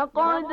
لقد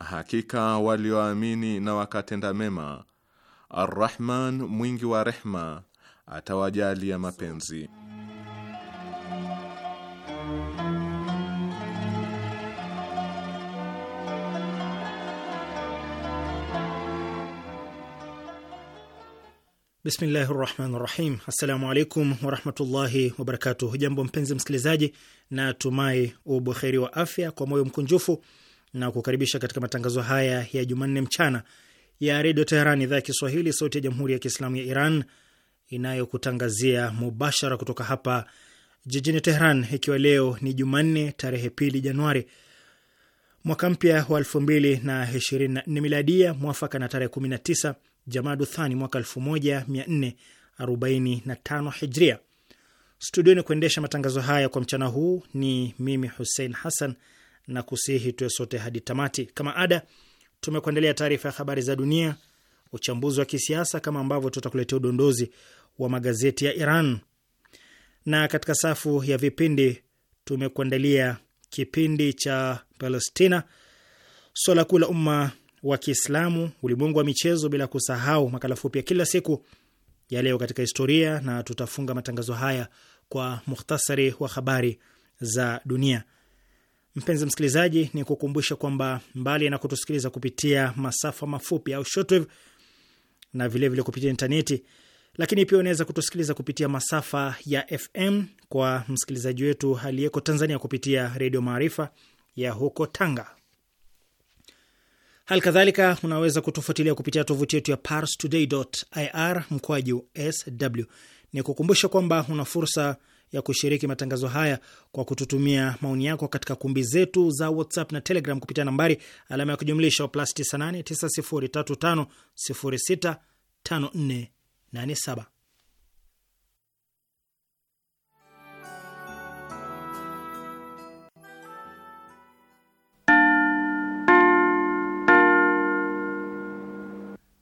Hakika walioamini na wakatenda mema, Arrahman mwingi wa rehma atawajalia mapenzi. Bismillahi rahmani rahim. Assalamu alaikum warahmatullahi wabarakatuh. Jambo mpenzi msikilizaji, na tumai ubuheri wa afya. Kwa moyo mkunjufu na kukaribisha katika matangazo haya ya Jumanne mchana ya Redio Teheran, idhaa ya Kiswahili, sauti ya Jamhuri ya Kiislamu ya Iran inayokutangazia mubashara kutoka hapa jijini Teheran, ikiwa leo ni Jumanne tarehe pili Januari mwaka mpya wa elfu mbili na ishirini na nne miladia mwafaka na tarehe kumi na tisa Jamadu Thani mwaka elfu moja mia nne arobaini na tano Hijria. Studioni kuendesha matangazo haya kwa mchana huu ni mimi Hussein Hassan na kusihi tuwe sote hadi tamati. Kama ada, tumekuandalia taarifa ya habari za dunia, uchambuzi wa kisiasa, kama ambavyo tutakuletea udondozi wa magazeti ya Iran, na katika safu ya vipindi tumekuandalia kipindi cha Palestina, swala kuu la umma wa Kiislamu, ulimwengu wa michezo, bila kusahau makala fupi ya kila siku ya leo katika historia, na tutafunga matangazo haya kwa muhtasari wa habari za dunia. Mpenzi msikilizaji, ni kukumbusha kwamba mbali na kutusikiliza kupitia masafa mafupi au shortwave na vilevile vile kupitia intaneti, lakini pia unaweza kutusikiliza kupitia masafa ya FM kwa msikilizaji wetu aliyeko Tanzania kupitia Redio Maarifa ya huko Tanga. Hali kadhalika unaweza kutufuatilia kupitia tovuti yetu ya parstoday.ir mkwaju sw. Ni kukumbusha kwamba una fursa ya kushiriki matangazo haya kwa kututumia maoni yako katika kumbi zetu za WhatsApp na Telegram kupitia nambari alama ya kujumlisha plus 98 9035065487.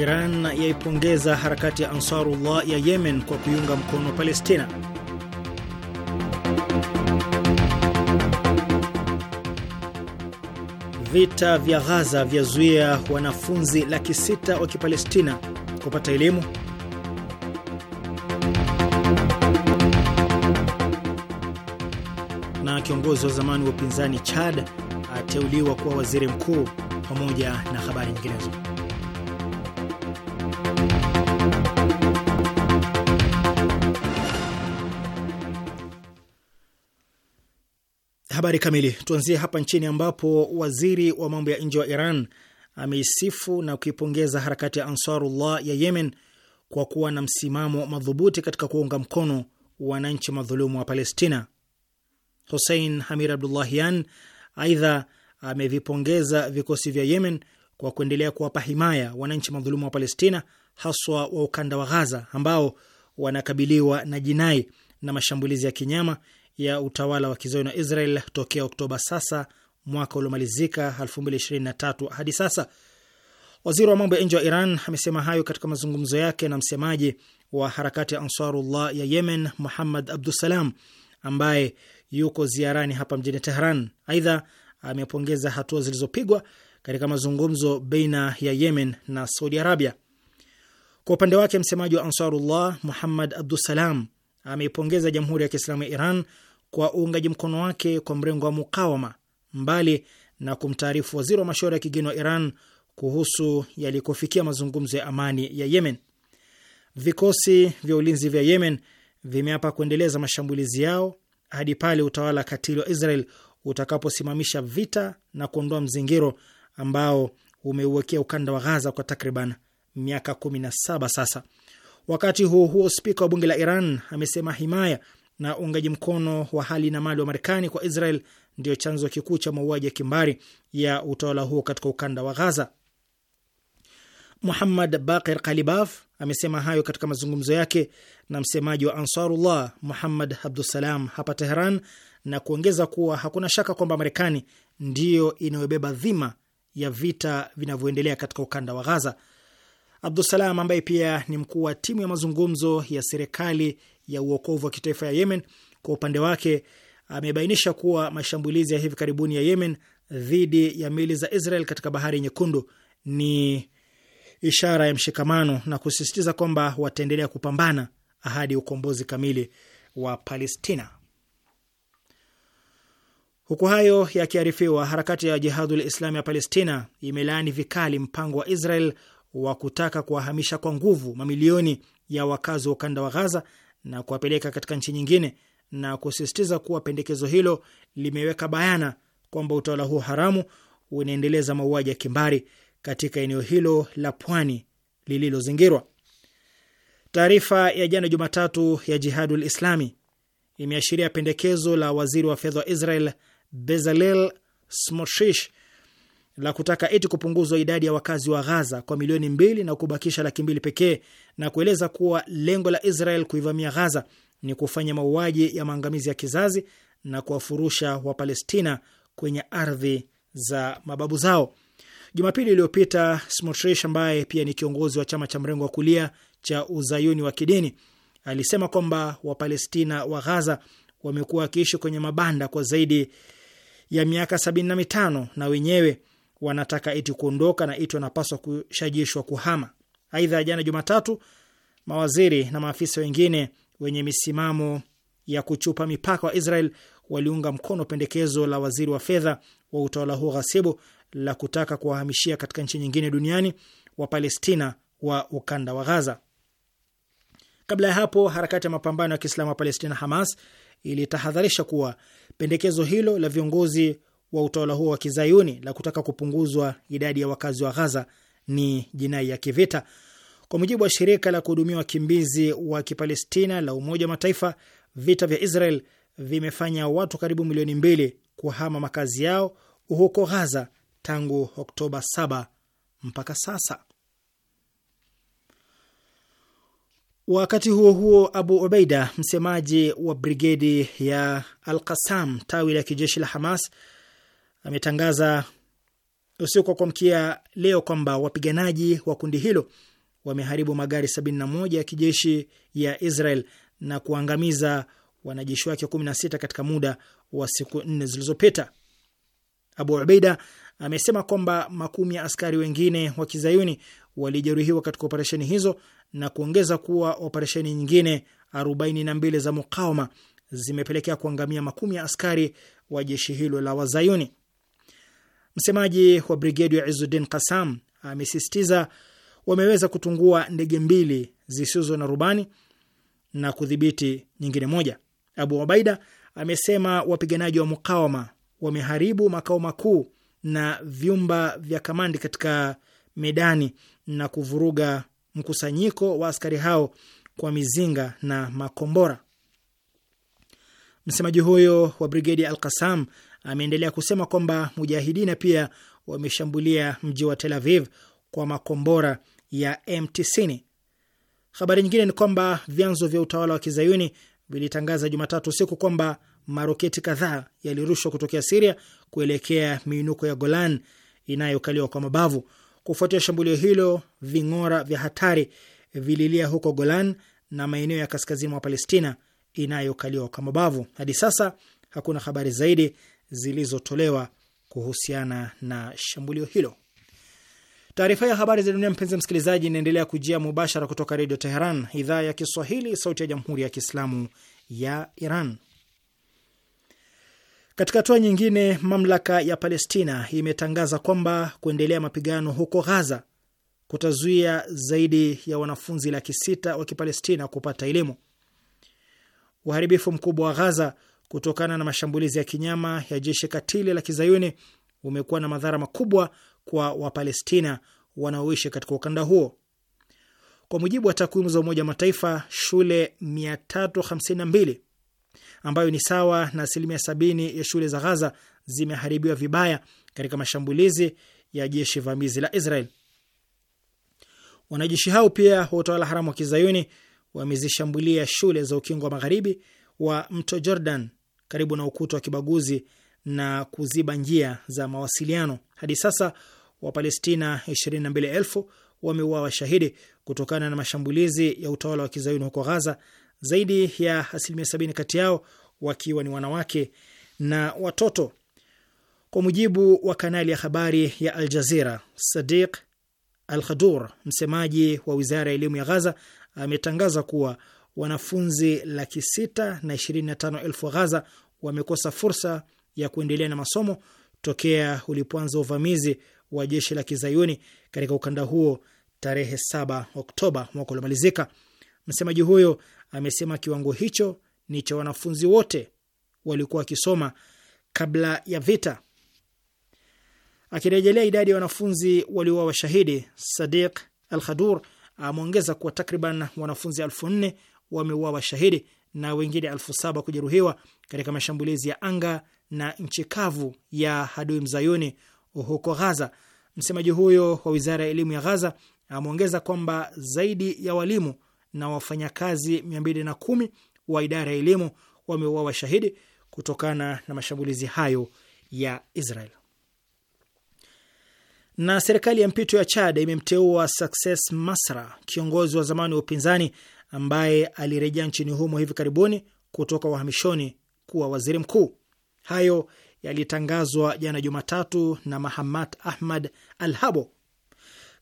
Iran yaipongeza harakati ya Ansarullah ya Yemen kwa kuiunga mkono Palestina. Vita vya Ghaza vyazuia wanafunzi laki sita wa Kipalestina kupata elimu. Na kiongozi wa zamani wa upinzani Chad ateuliwa kuwa waziri mkuu, pamoja na habari nyinginezo. habari kamili. Tuanzie hapa nchini ambapo waziri wa mambo ya nje wa Iran ameisifu na kuipongeza harakati ya Ansarullah ya Yemen kwa kuwa na msimamo madhubuti katika kuunga mkono wananchi madhulumu wa Palestina. Hussein Hamir Abdullahian aidha amevipongeza vikosi vya Yemen kwa kuendelea kuwapa himaya wananchi madhulumu wa Palestina, haswa wa ukanda wa Ghaza ambao wanakabiliwa na jinai na mashambulizi ya kinyama ya utawala wa kizayuni wa Israel tokea Oktoba sasa mwaka uliomalizika 2023 hadi sasa. Waziri wa mambo ya nje wa Iran amesema hayo katika mazungumzo yake na msemaji wa harakati ya Ansarullah ya Yemen, Muhammad Abdusalam, ambaye yuko ziarani hapa mjini Tehran. Aidha, amepongeza hatua zilizopigwa katika mazungumzo baina ya Yemen na Saudi Arabia. Kwa upande wake, msemaji wa Ansarullah Muhammad Abdusalam ameipongeza Jamhuri ya Kiislamu ya Iran kwa uungaji mkono wake kwa mrengo wa mukawama, mbali na kumtaarifu waziri wa mashauri ya kigeni wa Iran kuhusu yalikofikia mazungumzo ya amani ya Yemen. Vikosi vya ulinzi vya Yemen vimeapa kuendeleza mashambulizi yao hadi pale utawala katili wa Israel utakaposimamisha vita na kuondoa mzingiro ambao umeuwekea ukanda wa Ghaza kwa takriban miaka 17 sasa. Wakati huo huo, spika wa bunge la Iran amesema himaya na uungaji mkono wa hali na mali wa Marekani kwa Israel ndio chanzo kikuu cha mauaji ya kimbari ya utawala huo katika ukanda wa Ghaza. Muhammad Baqir Kalibaf amesema hayo katika mazungumzo yake na msemaji wa Ansarullah Muhammad Abdusalam hapa Teheran na kuongeza kuwa hakuna shaka kwamba Marekani ndiyo inayobeba dhima ya vita vinavyoendelea katika ukanda wa Ghaza. Abdusalam ambaye pia ni mkuu wa timu ya mazungumzo ya serikali ya uokovu wa kitaifa ya Yemen kwa upande wake amebainisha kuwa mashambulizi ya hivi karibuni ya Yemen dhidi ya meli za Israel katika bahari Nyekundu ni ishara ya mshikamano na kusisitiza kwamba wataendelea kupambana hadi ukombozi kamili wa Palestina. Huku hayo yakiarifiwa, harakati ya Jihadul Islami ya Palestina imelaani vikali mpango wa Israel wa kutaka kuwahamisha kwa nguvu mamilioni ya wakazi wa ukanda wa Ghaza na kuwapeleka katika nchi nyingine na kusisitiza kuwa pendekezo hilo limeweka bayana kwamba utawala huo haramu unaendeleza mauaji ya kimbari katika eneo hilo la pwani lililozingirwa. Taarifa ya jana Jumatatu ya Jihadul Islami imeashiria pendekezo la waziri wa fedha wa Israel Bezalel smoshish la kutaka eti kupunguzwa idadi ya wakazi wa Ghaza kwa milioni mbili na kubakisha laki mbili pekee na kueleza kuwa lengo la Israel kuivamia Ghaza ni kufanya mauaji ya maangamizi ya kizazi na kuwafurusha Wapalestina kwenye ardhi za mababu zao. Jumapili iliyopita, Smotrich ambaye pia ni kiongozi wa chama cha mrengo wa kulia cha uzayuni wa kidini alisema kwamba Wapalestina wa Ghaza wamekuwa wakiishi kwenye mabanda kwa zaidi ya miaka sabini na mitano na wenyewe wanataka eti kuondoka na eti wanapaswa kushajishwa kuhama. Aidha, jana Jumatatu, mawaziri na maafisa wengine wenye misimamo ya kuchupa mipaka wa Israel waliunga mkono pendekezo la waziri wa fedha wa utawala huo ghasibu la kutaka kuwahamishia katika nchi nyingine duniani wa Palestina wa ukanda wa Gaza. Kabla ya hapo, harakati ya mapambano ya Kiislamu wa Palestina Hamas ilitahadharisha kuwa pendekezo hilo la viongozi wa utawala huo wa kizayuni la kutaka kupunguzwa idadi ya wakazi wa Ghaza ni jinai ya kivita. Kwa mujibu wa shirika la kuhudumia wakimbizi wa kipalestina la Umoja wa Mataifa, vita vya Israel vimefanya watu karibu milioni mbili kuhama makazi yao huko Ghaza tangu Oktoba 7 mpaka sasa. Wakati huo huo, Abu Ubaida, msemaji wa brigedi ya Al Qasam, tawi la kijeshi la Hamas, ametangaza usiku wa kuamkia leo kwamba wapiganaji wa kundi hilo wameharibu magari 71 ya kijeshi ya Israel na kuangamiza wanajeshi wake 16 katika muda wa siku nne zilizopita. Abu Ubeida amesema kwamba makumi ya askari wengine wa kizayuni walijeruhiwa katika operesheni hizo na kuongeza kuwa operesheni nyingine 42 za mukawama zimepelekea kuangamia makumi ya askari wa jeshi hilo la wazayuni. Msemaji wa brigedi ya izudin Kasam amesisitiza wameweza kutungua ndege mbili zisizo na rubani na kudhibiti nyingine moja. Abu Ubaida amesema wapiganaji wa mukawama wameharibu makao makuu na vyumba vya kamandi katika medani na kuvuruga mkusanyiko wa askari hao kwa mizinga na makombora. Msemaji huyo wa brigedi Al Qasam Ameendelea kusema kwamba mujahidina pia wameshambulia mji wa Tel Aviv kwa makombora ya M90. Habari nyingine ni kwamba vyanzo vya utawala wa kizayuni vilitangaza Jumatatu usiku kwamba maroketi kadhaa yalirushwa kutokea Siria kuelekea miinuko ya Golan inayokaliwa kwa mabavu. Kufuatia shambulio hilo, ving'ora vya hatari vililia huko Golan na maeneo ya kaskazini mwa Palestina inayokaliwa kwa mabavu. Hadi sasa hakuna habari zaidi zilizotolewa kuhusiana na shambulio hilo. Taarifa ya habari za dunia, mpenzi msikilizaji, inaendelea kujia mubashara kutoka Redio Teheran, idhaa ya Kiswahili, sauti ya Jamhuri ya Kiislamu ya Iran. Katika hatua nyingine, mamlaka ya Palestina imetangaza kwamba kuendelea mapigano huko Ghaza kutazuia zaidi ya wanafunzi laki sita wa Kipalestina kupata elimu. Uharibifu mkubwa wa Ghaza kutokana na mashambulizi ya kinyama ya jeshi katili la kizayuni umekuwa na madhara makubwa kwa Wapalestina wanaoishi katika ukanda huo. Kwa mujibu wa takwimu za Umoja wa Mataifa, shule 352 ambayo ni sawa na asilimia 70 ya shule za Ghaza zimeharibiwa vibaya katika mashambulizi ya jeshi vamizi la Israel. Wanajeshi hao pia wa utawala haramu wa kizayuni wamezishambulia shule za ukingo wa magharibi wa mto Jordan karibu na ukuta wa kibaguzi na kuziba njia za mawasiliano. Hadi sasa Wapalestina 22,000 wameuawa shahidi kutokana na mashambulizi ya utawala wa kizayuni huko Ghaza, zaidi ya asilimia 70 kati yao wakiwa ni wanawake na watoto. Kwa mujibu wa kanali ya habari ya Al Jazira, Sadiq Al Khadur, msemaji wa wizara ya elimu ya Ghaza, ametangaza kuwa wanafunzi laki sita na ishirini na tano elfu Ghaza wamekosa fursa ya kuendelea na masomo tokea ulipoanza uvamizi wa jeshi la kizayuni katika ukanda huo tarehe 7 Oktoba mwaka uliomalizika. Msemaji huyo amesema kiwango hicho ni cha wanafunzi wote walikuwa wakisoma kabla ya vita. Akirejelea idadi ya wanafunzi waliowa washahidi, Sadiq Al Khadur ameongeza kuwa takriban wanafunzi elfu nne wameuawa shahidi na wengine elfu saba kujeruhiwa katika mashambulizi ya anga na nchi kavu ya adui mzayuni huko Ghaza. Msemaji huyo wa wizara ya elimu ya Ghaza ameongeza kwamba zaidi ya walimu na wafanyakazi kumi wa idara ya elimu wameuawa washahidi kutokana na mashambulizi hayo ya Israel. Na serikali ya mpito ya Chad imemteua Success Masra, kiongozi wa zamani wa upinzani ambaye alirejea nchini humo hivi karibuni kutoka uhamishoni kuwa waziri mkuu. Hayo yalitangazwa jana Jumatatu na Mahamat Ahmad Alhabo,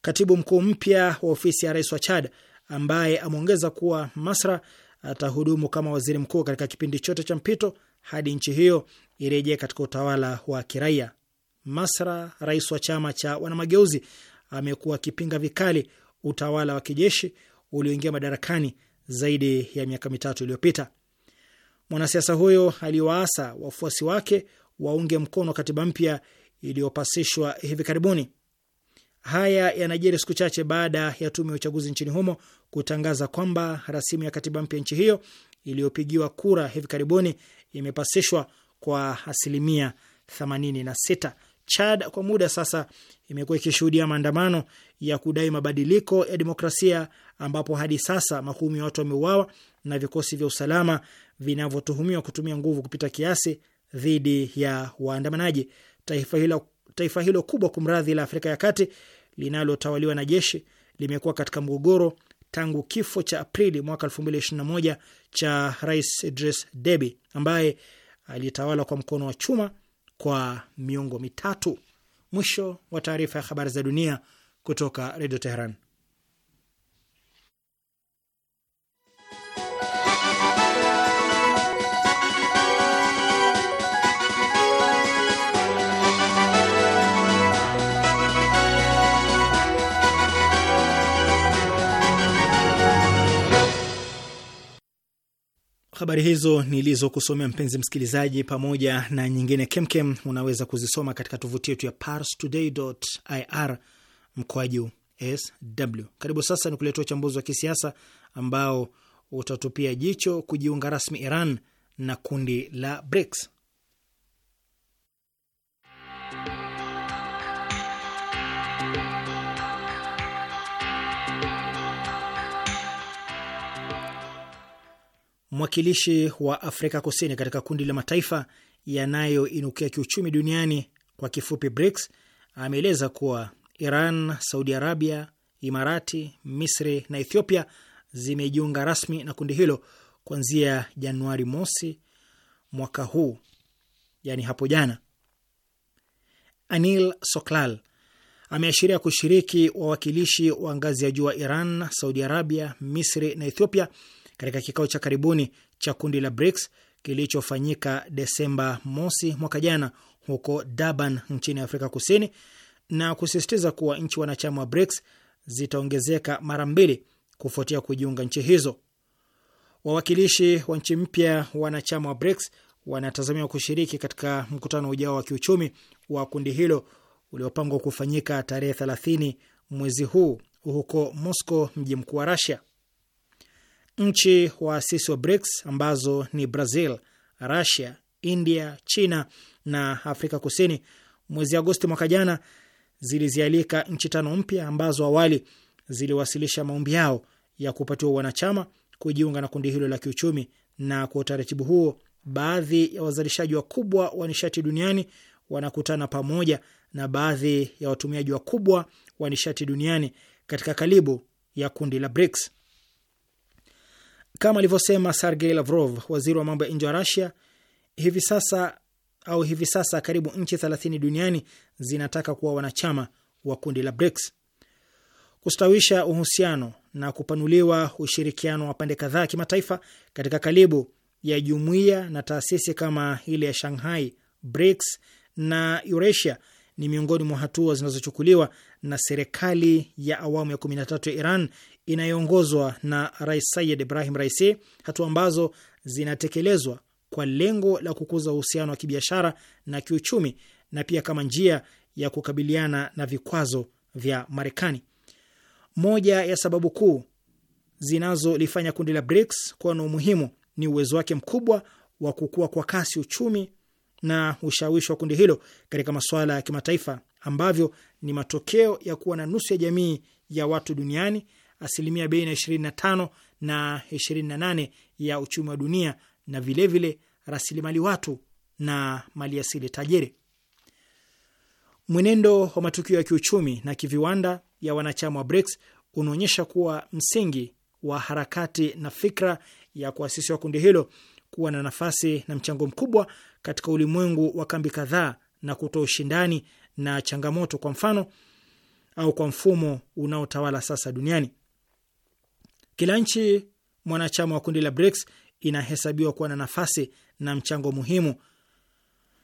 katibu mkuu mpya wa ofisi ya rais wa Chad, ambaye ameongeza kuwa Masra atahudumu kama waziri mkuu katika kipindi chote cha mpito hadi nchi hiyo irejee katika utawala wa kiraia. Masra, rais wa chama cha wanamageuzi, amekuwa akipinga vikali utawala wa kijeshi ulioingia madarakani zaidi ya miaka mitatu iliyopita. Mwanasiasa huyo aliwaasa wafuasi wake waunge mkono katiba mpya iliyopasishwa hivi karibuni. Haya yanajiri siku chache baada ya tume ya uchaguzi nchini humo kutangaza kwamba rasimu ya katiba mpya nchi hiyo iliyopigiwa kura hivi karibuni imepasishwa kwa asilimia 86. Chad kwa muda sasa imekuwa ikishuhudia maandamano ya kudai mabadiliko ya demokrasia ambapo hadi sasa makumi ya watu wameuawa na vikosi vya usalama vinavyotuhumiwa kutumia nguvu kupita kiasi dhidi ya waandamanaji. Taifa hilo, taifa hilo kubwa kumradhi la Afrika ya Kati linalotawaliwa na jeshi limekuwa katika mgogoro tangu kifo cha Aprili mwaka 2021 cha Rais Idris Deby ambaye alitawala kwa mkono wa chuma kwa miongo mitatu. Mwisho wa taarifa ya habari za dunia kutoka Redio Teheran. Habari hizo nilizokusomea mpenzi msikilizaji, pamoja na nyingine kemkem, unaweza kuzisoma katika tovuti yetu ya parstoday.ir mkoaju sw. Karibu sasa ni kuletea uchambuzi wa kisiasa ambao utatupia jicho kujiunga rasmi Iran na kundi la BRICS. mwakilishi wa Afrika Kusini katika kundi la mataifa yanayoinukia kiuchumi duniani kwa kifupi BRICS, ameeleza kuwa Iran, Saudi Arabia, Imarati, Misri na Ethiopia zimejiunga rasmi na kundi hilo kuanzia Januari mosi mwaka huu, yani hapo jana. Anil Soklal ameashiria kushiriki wawakilishi wa ngazi ya juu wa Iran, Saudi Arabia, Misri na Ethiopia katika kikao cha karibuni cha kundi la BRICS kilichofanyika Desemba mosi mwaka jana huko Durban nchini Afrika Kusini na kusisitiza kuwa nchi wanachama wa BRICS zitaongezeka mara mbili kufuatia kujiunga nchi hizo. Wawakilishi wa nchi mpya wanachama wa BRICS wanatazamiwa kushiriki katika mkutano ujao wa kiuchumi wa kundi hilo uliopangwa kufanyika tarehe 30 mwezi huu huko Moscow, mji mkuu wa Russia. Nchi waasisi wa BRICS ambazo ni Brazil, Russia, India, China na Afrika Kusini, mwezi Agosti mwaka jana zilizialika nchi tano mpya ambazo awali ziliwasilisha maombi yao ya kupatiwa wanachama kujiunga na kundi hilo la kiuchumi. Na kwa utaratibu huo, baadhi ya wazalishaji wakubwa wa nishati duniani wanakutana pamoja na baadhi ya watumiaji wakubwa wa nishati duniani katika kalibu ya kundi la BRICS. Kama alivyosema Sergei Lavrov, waziri wa mambo ya nje wa Russia, hivi sasa au hivi sasa karibu nchi thelathini duniani zinataka kuwa wanachama wa kundi la BRICS. Kustawisha uhusiano na kupanuliwa ushirikiano wa pande kadhaa kimataifa katika karibu ya jumuiya na taasisi kama ile ya Shanghai, BRICS na Eurasia ni miongoni mwa hatua zinazochukuliwa na serikali ya awamu ya 13 ya Iran inayoongozwa na Rais Sayid Ibrahim Raisi, hatua ambazo zinatekelezwa kwa lengo la kukuza uhusiano wa kibiashara na kiuchumi na pia kama njia ya kukabiliana na vikwazo vya Marekani. Moja ya sababu kuu zinazolifanya kundi la BRICS kuwa na umuhimu ni uwezo wake mkubwa wa kukua kwa kasi uchumi na ushawishi wa kundi hilo katika masuala ya kimataifa ambavyo ni matokeo ya kuwa na nusu ya jamii ya watu duniani asilimia bei na 25 na 28 ya uchumi wa dunia na vilevile rasilimali watu na maliasili tajiri. Mwenendo wa matukio ya kiuchumi na kiviwanda ya wanachama wa BRICS unaonyesha kuwa msingi wa harakati na fikra ya kuasisiwa kundi hilo kuwa na nafasi na mchango mkubwa katika ulimwengu wa kambi kadhaa na kutoa ushindani na changamoto kwa mfano au kwa mfumo unaotawala sasa duniani. Kila nchi mwanachama wa kundi la BRICS inahesabiwa kuwa na nafasi na mchango muhimu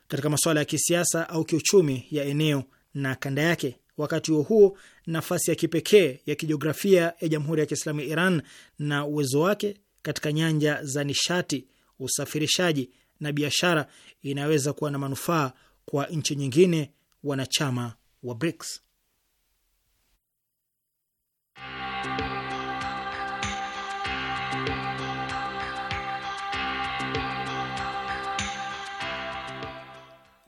katika masuala ya kisiasa au kiuchumi ya eneo na kanda yake. Wakati huo huo, nafasi ya kipekee ya kijiografia ya Jamhuri ya Kiislamu ya Iran na uwezo wake katika nyanja za nishati, usafirishaji na biashara inaweza kuwa na manufaa kwa nchi nyingine wanachama wa BRICS.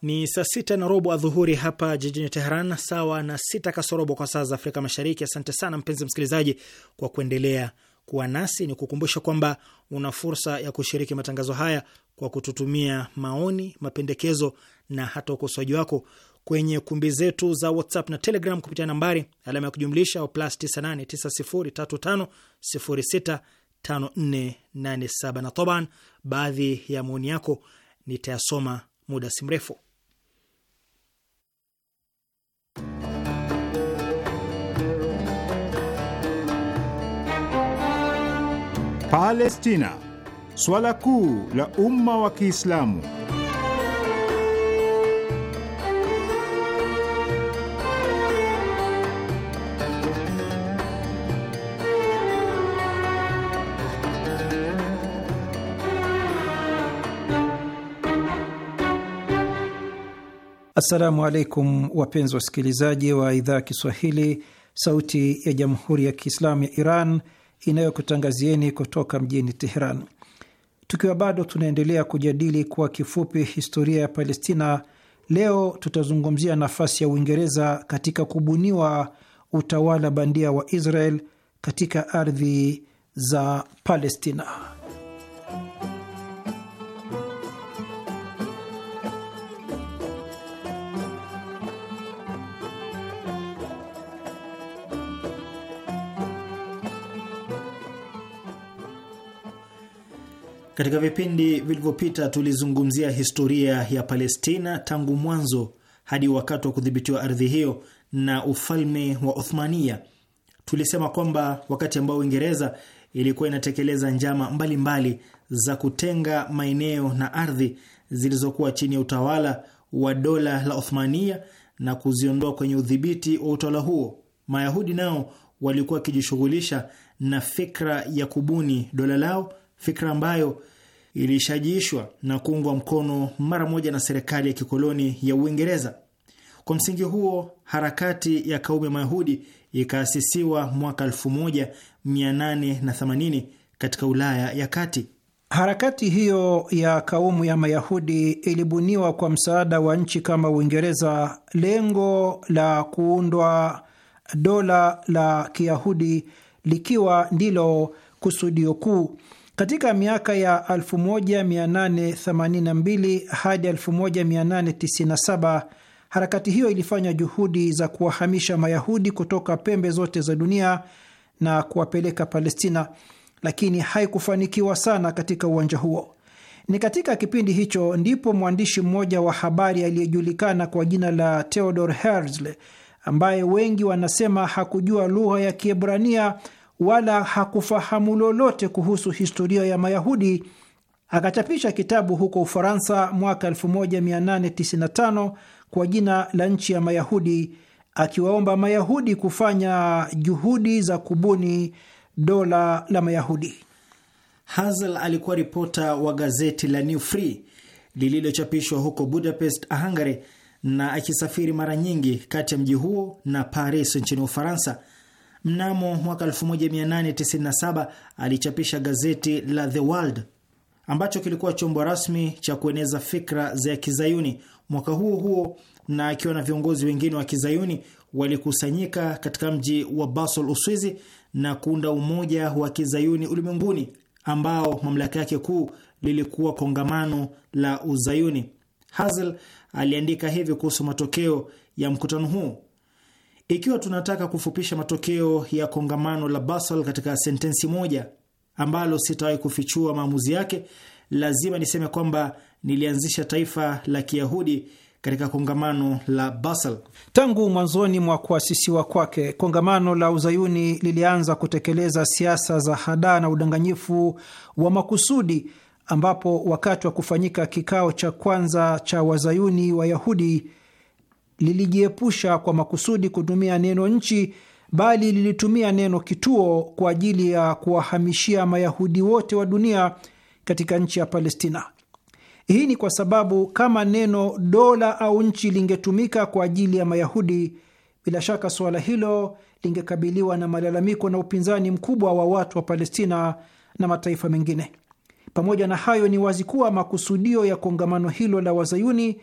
Ni saa sita na robo adhuhuri hapa jijini Teheran, sawa na sita kasorobo kwa saa za Afrika Mashariki. Asante sana mpenzi msikilizaji kwa kuendelea kuwa nasi. Ni kukumbusha kwamba una fursa ya kushiriki matangazo haya kwa kututumia maoni, mapendekezo na hata ukosoaji wako kwenye kumbi zetu za WhatsApp na Telegram kupitia nambari alama ya kujumlisha au plus 989035065487 na toban. Baadhi ya maoni yako nitayasoma muda si mrefu. Palestina, swala kuu la umma wa Kiislamu. Assalamu alaikum wapenzi wasikilizaji wa idhaa ya Kiswahili, sauti ya jamhuri ya Kiislamu ya Iran inayokutangazieni kutoka mjini Teheran. Tukiwa bado tunaendelea kujadili kwa kifupi historia ya Palestina, leo tutazungumzia nafasi ya Uingereza katika kubuniwa utawala bandia wa Israel katika ardhi za Palestina. Katika vipindi vilivyopita tulizungumzia historia ya Palestina tangu mwanzo hadi wakati wa kudhibitiwa ardhi hiyo na ufalme wa Othmania. Tulisema kwamba wakati ambao Uingereza ilikuwa inatekeleza njama mbalimbali mbali za kutenga maeneo na ardhi zilizokuwa chini ya utawala wa dola la Othmania na kuziondoa kwenye udhibiti wa utawala huo, Mayahudi nao walikuwa wakijishughulisha na fikra ya kubuni dola lao fikra ambayo ilishajiishwa na kuungwa mkono mara moja na serikali ya kikoloni ya Uingereza. Kwa msingi huo, harakati ya kaume Mayahudi ikaasisiwa mwaka 1880 katika Ulaya ya Kati. Harakati hiyo ya kaumu ya Mayahudi ilibuniwa kwa msaada wa nchi kama Uingereza. Lengo la kuundwa dola la Kiyahudi likiwa ndilo kusudio kuu. Katika miaka ya 1882 hadi 1897 harakati hiyo ilifanya juhudi za kuwahamisha Mayahudi kutoka pembe zote za dunia na kuwapeleka Palestina, lakini haikufanikiwa sana katika uwanja huo. Ni katika kipindi hicho ndipo mwandishi mmoja wa habari aliyejulikana kwa jina la Theodor Herzl, ambaye wengi wanasema hakujua lugha ya Kiebrania wala hakufahamu lolote kuhusu historia ya Mayahudi. Akachapisha kitabu huko Ufaransa mwaka 1895 kwa jina la Nchi ya Mayahudi, akiwaomba Mayahudi kufanya juhudi za kubuni dola la Mayahudi. Hazel alikuwa ripota wa gazeti la New Free lililochapishwa huko Budapest, Hungary, na akisafiri mara nyingi kati ya mji huo na Paris nchini Ufaransa mnamo mwaka 1897 alichapisha gazeti la The World ambacho kilikuwa chombo rasmi cha kueneza fikra za Kizayuni. Mwaka huo huo na akiwa na viongozi wengine wa Kizayuni walikusanyika katika mji wa Basel, Uswizi, na kuunda umoja wa Kizayuni ulimwenguni ambao mamlaka yake kuu lilikuwa kongamano la Uzayuni. Hazel aliandika hivi kuhusu matokeo ya mkutano huu: ikiwa tunataka kufupisha matokeo ya kongamano la Basel katika sentensi moja, ambalo sitawahi kufichua maamuzi yake, lazima niseme kwamba nilianzisha taifa la Kiyahudi katika kongamano la Basel. Tangu mwanzoni mwa kuasisiwa kwake, kongamano la Uzayuni lilianza kutekeleza siasa za hadaa na udanganyifu wa makusudi, ambapo wakati wa kufanyika kikao cha kwanza cha Wazayuni Wayahudi lilijiepusha kwa makusudi kutumia neno nchi, bali lilitumia neno kituo kwa ajili ya kuwahamishia Mayahudi wote wa dunia katika nchi ya Palestina. Hii ni kwa sababu kama neno dola au nchi lingetumika kwa ajili ya Mayahudi, bila shaka suala hilo lingekabiliwa na malalamiko na upinzani mkubwa wa watu wa Palestina na mataifa mengine. Pamoja na hayo, ni wazi kuwa makusudio ya kongamano hilo la wazayuni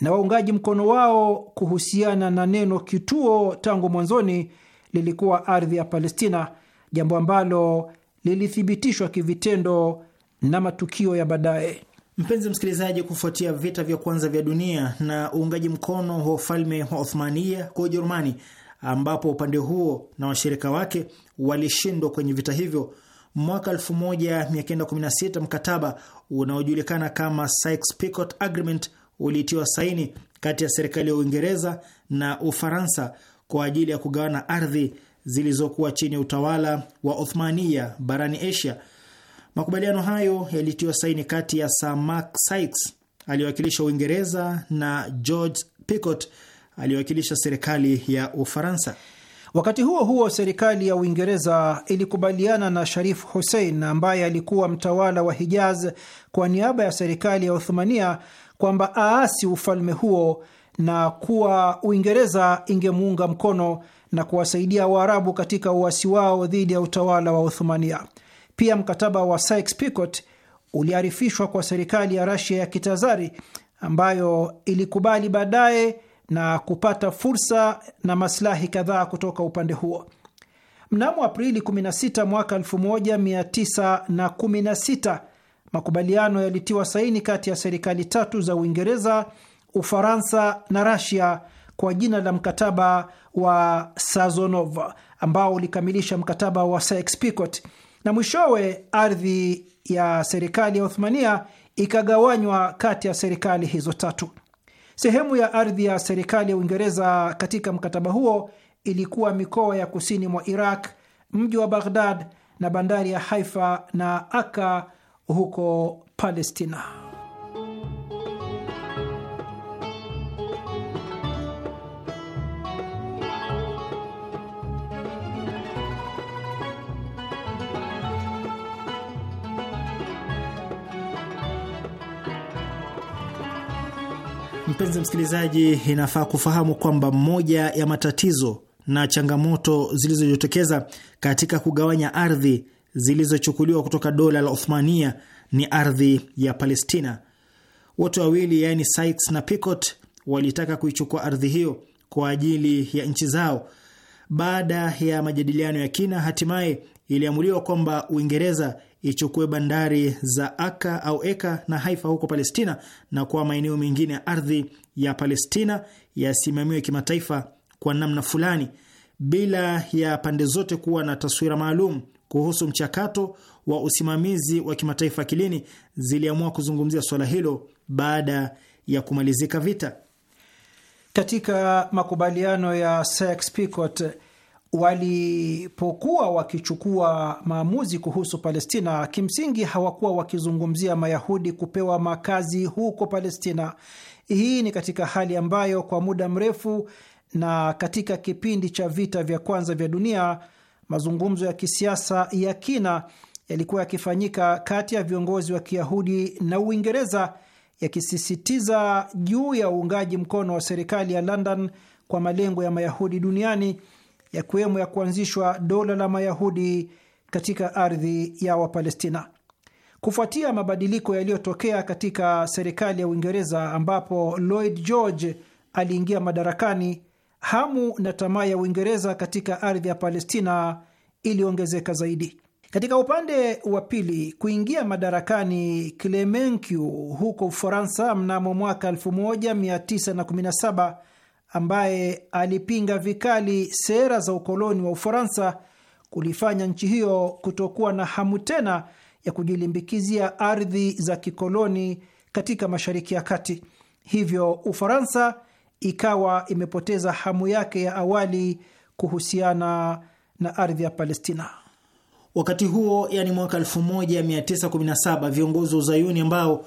na waungaji mkono wao kuhusiana na neno kituo tangu mwanzoni lilikuwa ardhi ya Palestina, jambo ambalo lilithibitishwa kivitendo na matukio ya baadaye. Mpenzi msikilizaji, kufuatia vita vya kwanza vya dunia na uungaji mkono wa ufalme wa Othmania kwa Ujerumani, ambapo upande huo na washirika wake walishindwa kwenye vita hivyo, mwaka 1916 mkataba unaojulikana kama Sykes-Picot Agreement ulitiwa saini kati ya serikali ya Uingereza na Ufaransa kwa ajili ya kugawana ardhi zilizokuwa chini ya utawala wa Othmania barani Asia. Makubaliano hayo yalitiwa saini kati ya Sir Mark Sykes aliyewakilisha Uingereza na George Picot aliyewakilisha serikali ya Ufaransa. Wakati huo huo, serikali ya Uingereza ilikubaliana na Sharif Hussein ambaye alikuwa mtawala wa Hijaz kwa niaba ya serikali ya Uthmania kwamba aasi ufalme huo na kuwa Uingereza ingemuunga mkono na kuwasaidia Waarabu katika uasi wao dhidi ya utawala wa Uthumania. Pia mkataba wa Sykes-Picot uliarifishwa kwa serikali ya Rasia ya kitazari ambayo ilikubali baadaye na kupata fursa na masilahi kadhaa kutoka upande huo. Mnamo Aprili 16 mwaka 1916 Makubaliano yalitiwa saini kati ya serikali tatu za Uingereza, Ufaransa na Rasia kwa jina la mkataba wa Sazonov ambao ulikamilisha mkataba wa Sykes-Picot, na mwishowe ardhi ya serikali ya Uthmania ikagawanywa kati ya serikali hizo tatu. Sehemu ya ardhi ya serikali ya Uingereza katika mkataba huo ilikuwa mikoa ya kusini mwa Iraq, mji wa Baghdad na bandari ya Haifa na Aka huko Palestina. Mpenzi msikilizaji, inafaa kufahamu kwamba moja ya matatizo na changamoto zilizojitokeza katika kugawanya ardhi zilizochukuliwa kutoka dola la Uthmania ni ardhi ya Palestina. Wote wawili yaani Sykes na Picot walitaka kuichukua ardhi hiyo kwa ajili ya nchi zao. Baada ya majadiliano ya kina, hatimaye iliamuliwa kwamba Uingereza ichukue bandari za Aka au Eka na Haifa huko Palestina, na kwa maeneo mengine ya ardhi ya Palestina yasimamiwe kimataifa kwa namna fulani, bila ya pande zote kuwa na taswira maalum kuhusu mchakato wa usimamizi wa kimataifa kilini ziliamua kuzungumzia swala hilo baada ya kumalizika vita. Katika makubaliano ya Sykes-Picot walipokuwa wakichukua maamuzi kuhusu Palestina, kimsingi hawakuwa wakizungumzia Mayahudi kupewa makazi huko Palestina. Hii ni katika hali ambayo kwa muda mrefu na katika kipindi cha vita vya kwanza vya dunia mazungumzo ya kisiasa ya kina yalikuwa yakifanyika kati ya viongozi wa Kiyahudi na Uingereza yakisisitiza juu ya uungaji mkono wa serikali ya London kwa malengo ya Mayahudi duniani yakiwemo ya kuanzishwa dola la Mayahudi katika ardhi ya Wapalestina. Kufuatia mabadiliko yaliyotokea katika serikali ya Uingereza ambapo Lloyd George aliingia madarakani, hamu na tamaa ya Uingereza katika ardhi ya Palestina iliongezeka zaidi. Katika upande wa pili, kuingia madarakani Clemenceau huko Ufaransa mnamo mwaka 1917 ambaye alipinga vikali sera za ukoloni wa Ufaransa kulifanya nchi hiyo kutokuwa na hamu tena ya kujilimbikizia ardhi za kikoloni katika Mashariki ya Kati. Hivyo Ufaransa ikawa imepoteza hamu yake ya awali kuhusiana na ardhi ya Palestina. Wakati huo, yani mwaka 1917 viongozi wa Uzayuni ambao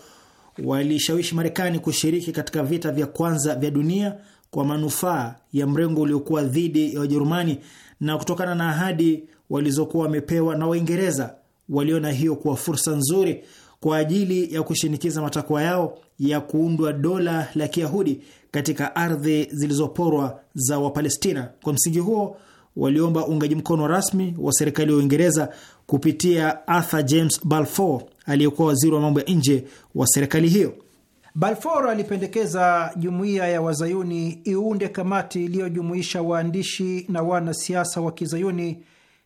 walishawishi Marekani kushiriki katika vita vya kwanza vya dunia kwa manufaa ya mrengo uliokuwa dhidi ya Wajerumani na kutokana na ahadi walizokuwa wamepewa na Waingereza, waliona hiyo kuwa fursa nzuri kwa ajili ya kushinikiza matakwa yao ya kuundwa dola la Kiyahudi katika ardhi zilizoporwa za Wapalestina. Kwa msingi huo waliomba uungaji mkono rasmi wa serikali ya Uingereza kupitia Arthur James Balfour aliyekuwa waziri wa mambo ya nje wa serikali hiyo. Balfour alipendekeza jumuiya ya wazayuni iunde kamati iliyojumuisha waandishi na wanasiasa wa kizayuni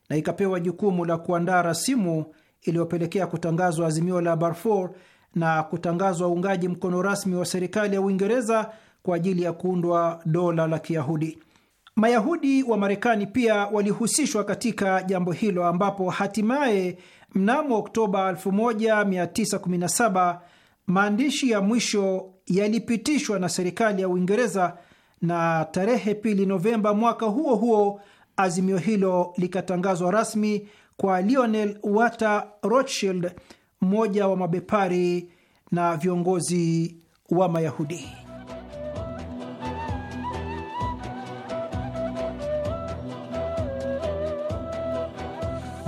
na ikapewa jukumu la kuandaa rasimu iliyopelekea kutangazwa azimio la Balfour na kutangazwa uungaji mkono rasmi wa serikali ya Uingereza kwa ajili ya kuundwa dola la Kiyahudi. Mayahudi wa Marekani pia walihusishwa katika jambo hilo, ambapo hatimaye mnamo Oktoba 1917 maandishi ya mwisho yalipitishwa na serikali ya Uingereza na tarehe pili Novemba mwaka huo huo azimio hilo likatangazwa rasmi kwa Lionel Walter Rothschild, mmoja wa mabepari na viongozi wa Mayahudi.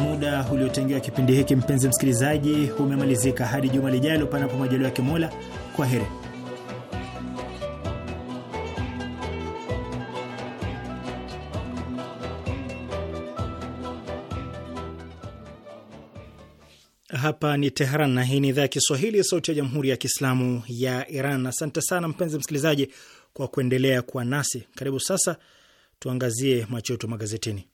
Muda uliotengewa kipindi hiki, mpenzi msikilizaji, umemalizika. Hadi juma lijalo, panapo majaliwa ya Kimola. kwa heri. Hapa ni Teheran na hii ni idhaa ya Kiswahili, sauti ya jamhuri ya kiislamu ya Iran. Asante sana mpenzi msikilizaji kwa kuendelea kuwa nasi. Karibu sasa tuangazie macho yetu magazetini.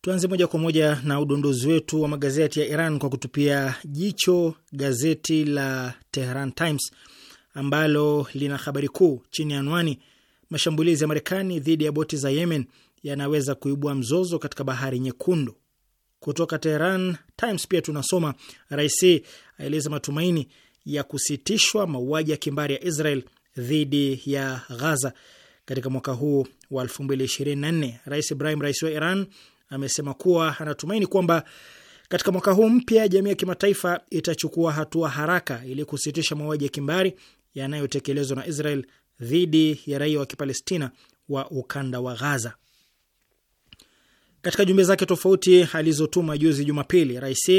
Tuanze moja kwa moja na udondozi wetu wa magazeti ya Iran kwa kutupia jicho gazeti la Tehran Times ambalo lina habari kuu chini ya anwani, mashambulizi ya Marekani dhidi ya boti za Yemen yanaweza kuibua mzozo katika bahari Nyekundu. Kutoka Tehran Times pia tunasoma rais aeleza matumaini ya kusitishwa mauaji ya kimbari ya Israel dhidi ya Ghaza katika mwaka huu wa 2024. Rais Ibrahim Raisi wa Iran amesema kuwa anatumaini kwamba katika mwaka huu mpya jamii ya kimataifa itachukua hatua haraka ili kusitisha mauaji ya kimbari yanayotekelezwa na Israel dhidi ya raia wa Kipalestina wa ukanda wa Gaza. Katika jumbe zake tofauti alizotuma juzi Jumapili, rais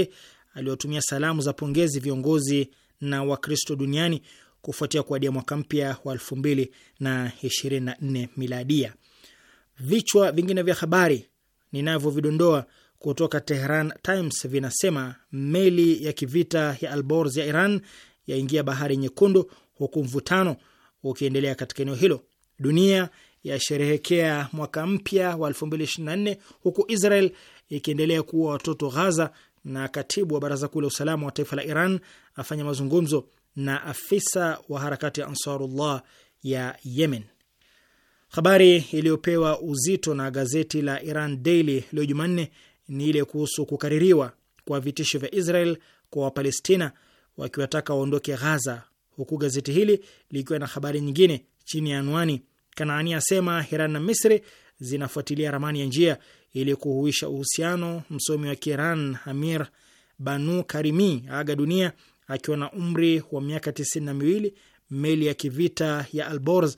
aliwatumia salamu za pongezi viongozi na Wakristo duniani kufuatia kuadia mwaka mpya wa 2024 miladia. Vichwa vingine vya habari ninavyovidondoa kutoka Tehran Times vinasema meli ya kivita ya Alborz ya Iran yaingia bahari Nyekundu, huku mvutano ukiendelea katika eneo hilo. Dunia yasherehekea mwaka mpya wa 2024 huku Israel ikiendelea kuwa watoto Ghaza, na katibu wa baraza kuu la usalama wa taifa la Iran afanya mazungumzo na afisa wa harakati ya Ansarullah ya Yemen. Habari iliyopewa uzito na gazeti la Iran Daily leo Jumanne ni ile kuhusu kukaririwa kwa vitisho vya Israel kwa Wapalestina wakiwataka waondoke Ghaza, huku gazeti hili likiwa na habari nyingine chini ya anwani Kanaani asema Iran na Misri zinafuatilia ramani ya njia ili kuhuisha uhusiano. Msomi wa Kiiran Amir Banu Karimi aga dunia akiwa na umri wa miaka tisini na miwili. Meli ya kivita ya Alborz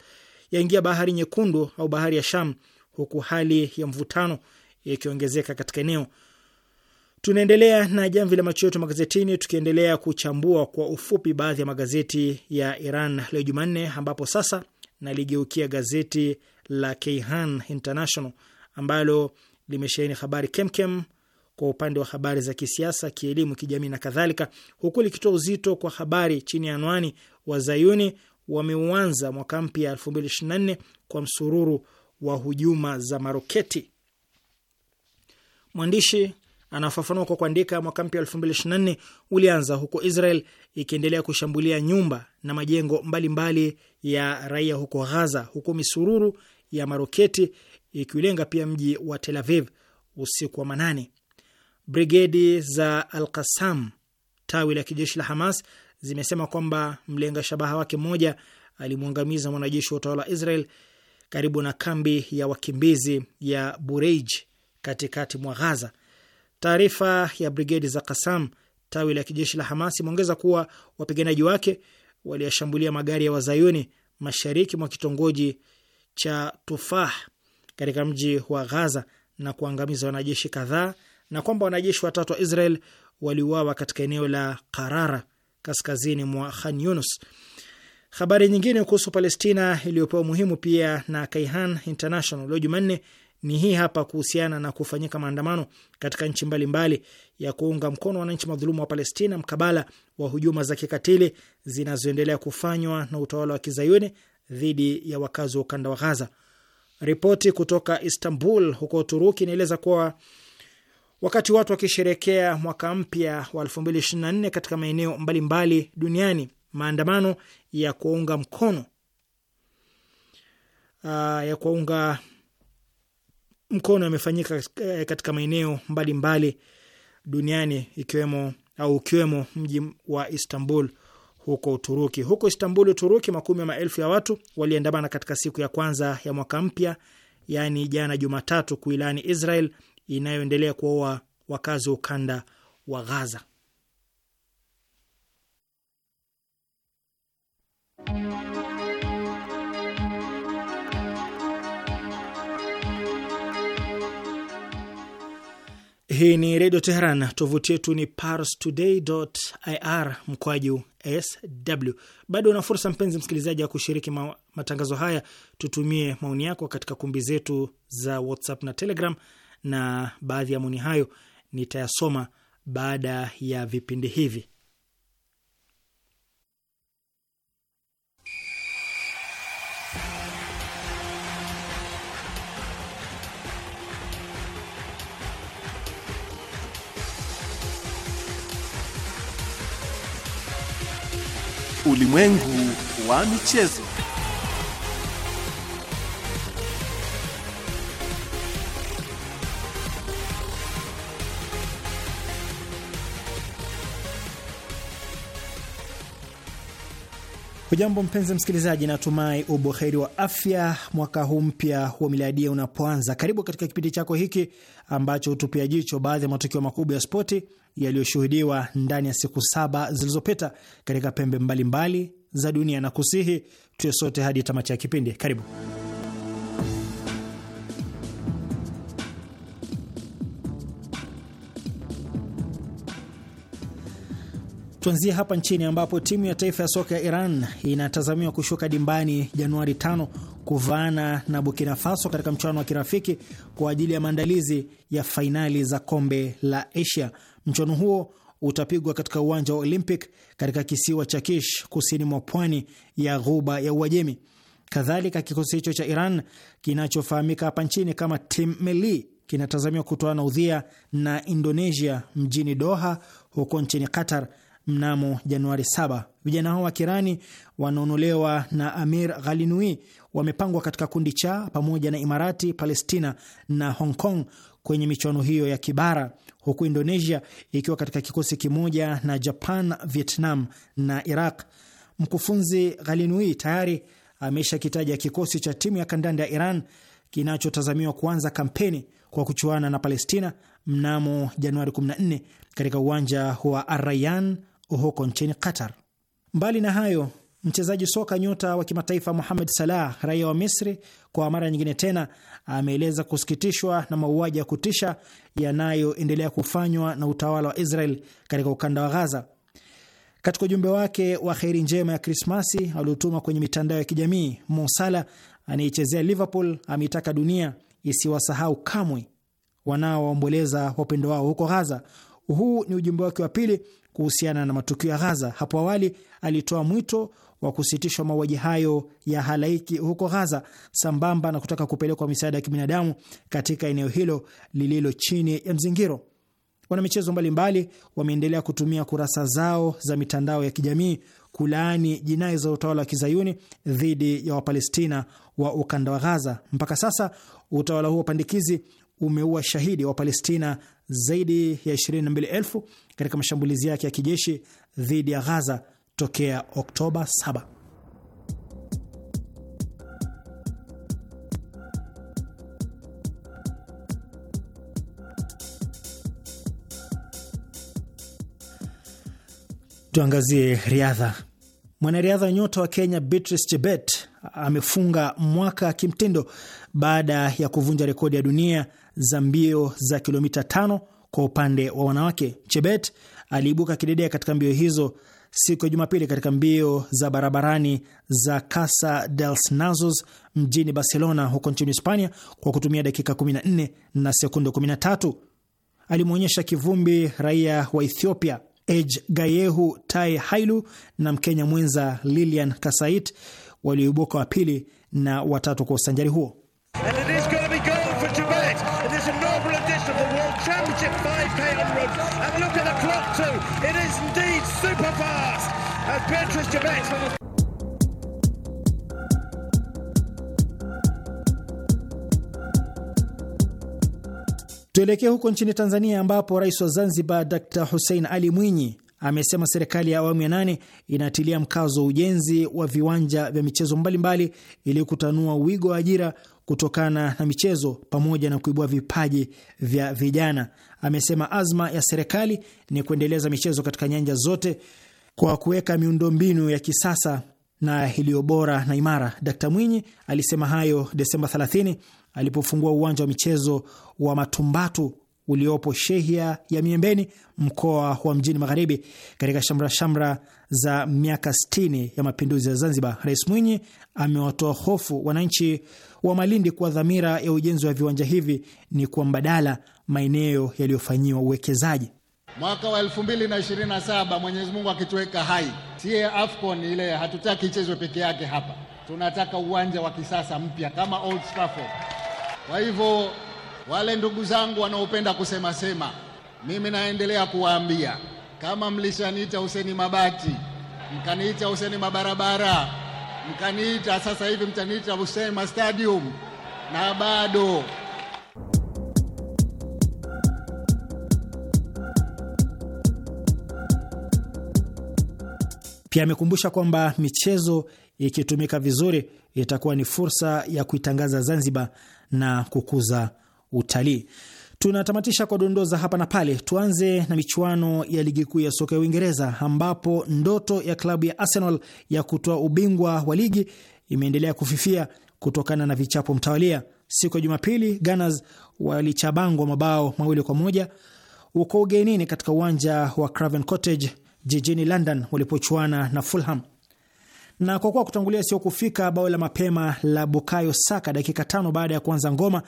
yaingia bahari nyekundu au bahari ya Sham, huku hali ya mvutano ikiongezeka katika eneo. Tunaendelea na jamvi la macho yetu magazetini, tukiendelea kuchambua kwa ufupi baadhi ya magazeti ya Iran leo Jumanne, ambapo sasa naligeukia gazeti la Kayhan International ambalo limesheheni habari kemkem kwa upande wa habari za kisiasa, kielimu, kijamii na kadhalika, huku likitoa uzito kwa habari chini ya anwani wazayuni wameuanza mwaka mpya 2024 kwa msururu wa hujuma za maroketi. Mwandishi anafafanua kwa kuandika, mwaka mpya 2024 ulianza huko Israel ikiendelea kushambulia nyumba na majengo mbalimbali mbali ya raia huko Ghaza, huku misururu ya maroketi ikiulenga pia mji wa Tel Aviv usiku wa manane. Brigedi za Al Qassam, tawi la kijeshi la Hamas, zimesema kwamba mlenga shabaha wake mmoja alimwangamiza mwanajeshi wa utawala wa Israel karibu na kambi ya wakimbizi ya Bureij katikati mwa Ghaza. Taarifa ya brigedi za Kasam, tawi la kijeshi la Hamas, imeongeza kuwa wapiganaji wake waliyashambulia magari ya wazayuni mashariki mwa kitongoji cha Tufah katika mji wa Ghaza na kuangamiza wanajeshi kadhaa na kwamba wanajeshi watatu wa Israel waliuawa katika eneo la Karara kaskazini mwa Khan Yunus. Habari nyingine kuhusu Palestina iliyopewa muhimu pia na Kaihan International leo Jumanne ni hii hapa, kuhusiana na kufanyika maandamano katika nchi mbalimbali ya kuunga mkono wananchi madhulumu wa Palestina mkabala wa hujuma za kikatili zinazoendelea kufanywa na utawala wa kizayuni dhidi ya wakazi wa ukanda wa Ghaza. Ripoti kutoka Istanbul huko Uturuki inaeleza kuwa Wakati watu wakisherekea mwaka mpya wa 2024 katika maeneo mbalimbali duniani, maandamano ya kuunga mkono uh, ya kuunga mkono yamefanyika eh, katika maeneo mbalimbali duniani ikiwemo au ukiwemo mji wa Istanbul huko Uturuki. Huko Istanbul, Uturuki, makumi ya maelfu ya watu waliandamana katika siku ya kwanza ya mwaka mpya, yaani jana Jumatatu, kuilani Israel inayoendelea kuwaua wakazi wa ukanda wa Ghaza. Hii ni Redio Teheran. Tovuti yetu ni parstoday.ir mkwaju sw. Bado una fursa mpenzi msikilizaji, ya kushiriki ma matangazo haya. Tutumie maoni yako katika kumbi zetu za WhatsApp na Telegram na baadhi ya maoni hayo nitayasoma baada ya vipindi hivi. Ulimwengu wa michezo. ujambo mpenzi msikilizaji, natumai uboheri wa afya mwaka huu mpya wa miladia unapoanza. Karibu katika kipindi chako hiki ambacho hutupia jicho baadhi ya matukio makubwa ya spoti yaliyoshuhudiwa ndani ya siku saba zilizopita katika pembe mbalimbali mbali za dunia, na kusihi tuwe sote hadi tamati ya kipindi. Karibu. Tuanzie hapa nchini ambapo timu ya taifa ya soka ya Iran inatazamiwa kushuka dimbani Januari 5 kuvaana na Burkina Faso katika mchuano wa kirafiki kwa ajili ya maandalizi ya fainali za kombe la Asia. Mchuano huo utapigwa katika uwanja wa Olympic katika kisiwa cha Kish kusini mwa pwani ya ghuba ya Uajemi. Kadhalika, kikosi hicho cha Iran kinachofahamika hapa nchini kama Tim Meli kinatazamiwa kutoana udhia na Indonesia mjini Doha huko nchini Qatar mnamo Januari 7. Vijana hao wa Kirani wanaonolewa na Amir Ghalinui wamepangwa katika kundi cha pamoja na Imarati, Palestina na Hong Kong kwenye michuano hiyo ya kibara, huku Indonesia ikiwa katika kikosi kimoja na Japan, Vietnam na Iraq. Mkufunzi Ghalinui tayari ameshakitaja kikosi cha timu ya kandanda ya Iran kinachotazamiwa kuanza kampeni kwa kuchuana na Palestina mnamo Januari 14 katika uwanja wa Arrayan huko nchini Qatar. Mbali na hayo, mchezaji soka nyota wa kimataifa Mohamed Salah, raia wa Misri, kwa mara nyingine tena ameeleza kusikitishwa na mauaji ya kutisha yanayoendelea kufanywa na utawala wa Israel katika ukanda wa Ghaza. Katika ujumbe wake wa kheri njema ya Krismasi aliotuma kwenye mitandao ya kijamii, Mo Salah anayechezea Liverpool ameitaka dunia isiwasahau kamwe wanaowaomboleza wapendo wao huko Ghaza. Huu ni ujumbe wake wa pili kuhusiana na matukio ya Ghaza. Hapo awali alitoa mwito wa kusitishwa mauaji hayo ya halaiki huko Ghaza, sambamba na kutaka kupelekwa misaada ya kibinadamu katika eneo hilo lililo chini ya mzingiro. Wanamichezo mbalimbali wameendelea kutumia kurasa zao za mitandao ya kijamii kulaani jinai za utawala wa kizayuni dhidi ya Wapalestina wa ukanda wa Ghaza. Mpaka sasa utawala huo pandikizi umeua shahidi Palestina zaidi ya 22,000 katika mashambulizi yake ya kijeshi dhidi ya Ghaza tokea Oktoba 7. Tuangazie riadha. Mwanariadha nyota wa Kenya Beatrice Chebet amefunga mwaka kimtindo baada ya kuvunja rekodi ya dunia za mbio za kilomita tano kwa upande wa wanawake. Chebet aliibuka kidedea katika mbio hizo siku ya Jumapili katika mbio za barabarani za Casa dels Nazos mjini Barcelona huko nchini Hispania kwa kutumia dakika 14 na sekunde 13. Alimwonyesha kivumbi raia wa Ethiopia Ej Gayehu Tai Hailu na Mkenya mwenza Lilian Kasait walioibuka wa pili na watatu kwa usanjari huo. Championship 5K en route. Have a look at the clock too. It is indeed super fast. As Beatrice Jabez. from Tuelekee huko nchini Tanzania ambapo rais wa Zanzibar Dr Hussein Ali Mwinyi amesema serikali ya awamu ya nane inatilia mkazo ujenzi wa viwanja vya michezo mbalimbali ili kutanua wigo wa ajira kutokana na michezo pamoja na kuibua vipaji vya vijana. Amesema azma ya serikali ni kuendeleza michezo katika nyanja zote kwa kuweka miundombinu ya kisasa na iliyo bora na imara. Dkt Mwinyi alisema hayo Desemba 30 alipofungua uwanja wa michezo wa Matumbatu uliopo shehia ya Miembeni, mkoa wa Mjini Magharibi, katika shamra shamra za miaka 60 ya mapinduzi ya Zanzibar. Rais Mwinyi amewatoa hofu wananchi wa Malindi kuwa dhamira ya ujenzi wa viwanja hivi ni kwa mbadala maeneo yaliyofanyiwa uwekezaji. Mwaka wa 227 Mwenyezi Mungu akituweka hai, siye AFCON ile hatutaki ichezwe peke yake hapa, tunataka uwanja wa kisasa mpya kama Old Trafford. Kwa hivyo wale ndugu zangu wanaopenda kusema sema, mimi naendelea kuwaambia, kama mlishaniita Huseni Mabati, mkaniita Huseni Mabarabara mkaniita sasa hivi mtaniita Busema Stadium na bado Pia amekumbusha kwamba michezo ikitumika vizuri itakuwa ni fursa ya kuitangaza Zanzibar na kukuza utalii. Tunatamatisha kwa dondoza hapa na pale. Tuanze na michuano ya ligi kuu ya soka ya Uingereza ambapo ndoto ya klabu ya Arsenal ya kutoa ubingwa wa ligi imeendelea kufifia kutokana na vichapo mtawalia. Siku ya Jumapili, Gunners walichabangwa mabao mawili kwa moja uko ugenini katika uwanja wa Craven Cottage jijini London walipochuana na Fulham na kwa kuwa kutangulia sio kufika, bao la mapema la Bukayo Saka dakika tano baada ya kuanza ngoma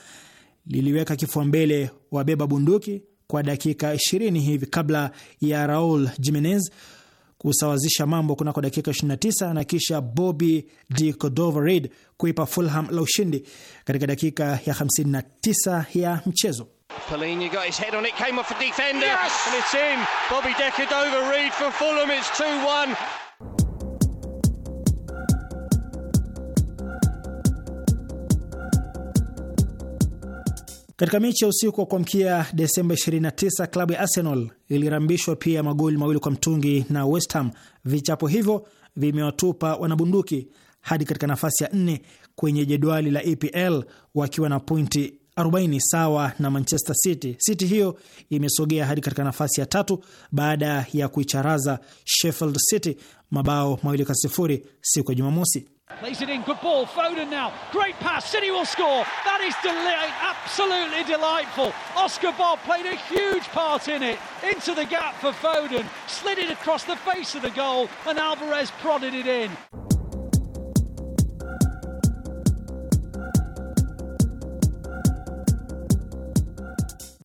liliweka kifua mbele wabeba bunduki kwa dakika 20 hivi kabla ya Raul Jimenez kusawazisha mambo kunako dakika 29 na kisha Bobby de Cordova kuipa Fulham la ushindi katika dakika ya 59 ya mchezo. Katika mechi ya usiku wa kuamkia Desemba 29 klabu ya Arsenal ilirambishwa pia magoli mawili kwa mtungi na West Ham. Vichapo hivyo vimewatupa wanabunduki hadi katika nafasi ya nne kwenye jedwali la EPL wakiwa na pointi 40 sawa na Manchester City. City hiyo imesogea hadi katika nafasi ya tatu baada ya kuicharaza Sheffield City mabao mawili kwa sifuri siku ya Jumamosi. Plays it in, good ball, Foden now. Great pass, City will score. That is deli- absolutely delightful. Oscar Bob played a huge part in it. Into the gap for Foden, slid it across the face of the goal, and Alvarez prodded it in.